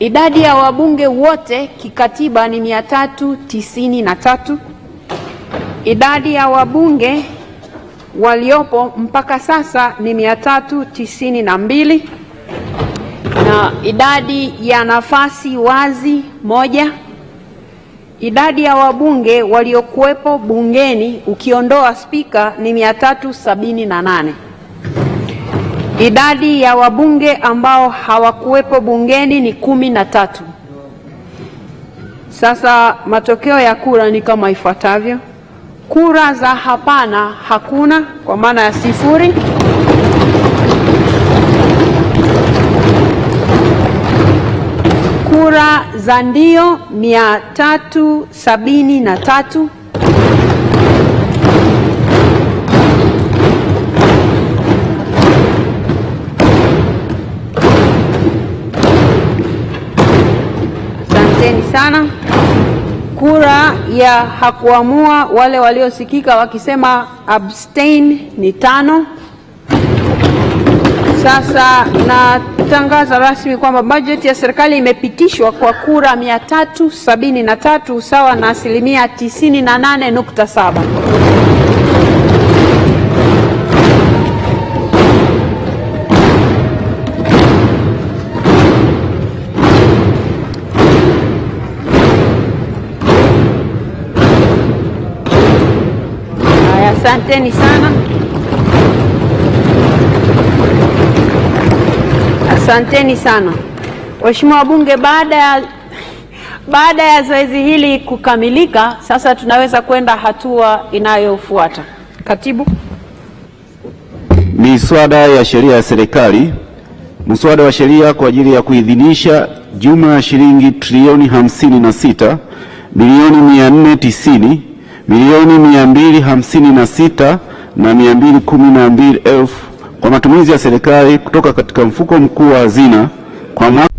Idadi ya wabunge wote kikatiba ni mia tatu tisini na tatu. Idadi ya wabunge waliopo mpaka sasa ni mia tatu tisini na mbili na idadi ya nafasi wazi moja. Idadi ya wabunge waliokuwepo bungeni ukiondoa spika ni mia tatu sabini na nane. Idadi ya wabunge ambao hawakuwepo bungeni ni kumi na tatu. Sasa matokeo ya kura ni kama ifuatavyo: kura za hapana hakuna, kwa maana ya sifuri. Kura za ndio mia tatu sabini na tatu. sana. Kura ya hakuamua wale waliosikika wakisema abstain ni tano. Sasa natangaza rasmi kwamba bajeti ya serikali imepitishwa kwa kura 373 sawa na asilimia 98.7. Asanteni sana, asanteni sana waheshimiwa wabunge. Baada ya baada ya zoezi hili kukamilika, sasa tunaweza kwenda hatua inayofuata. Katibu, miswada ya sheria ya serikali. Mswada wa sheria kwa ajili ya kuidhinisha jumla ya shilingi trilioni 56 bilioni 490 milioni mia mbili hamsini na sita na mia mbili kumi na mbili elfu kwa matumizi ya serikali kutoka katika mfuko mkuu wa hazina kwa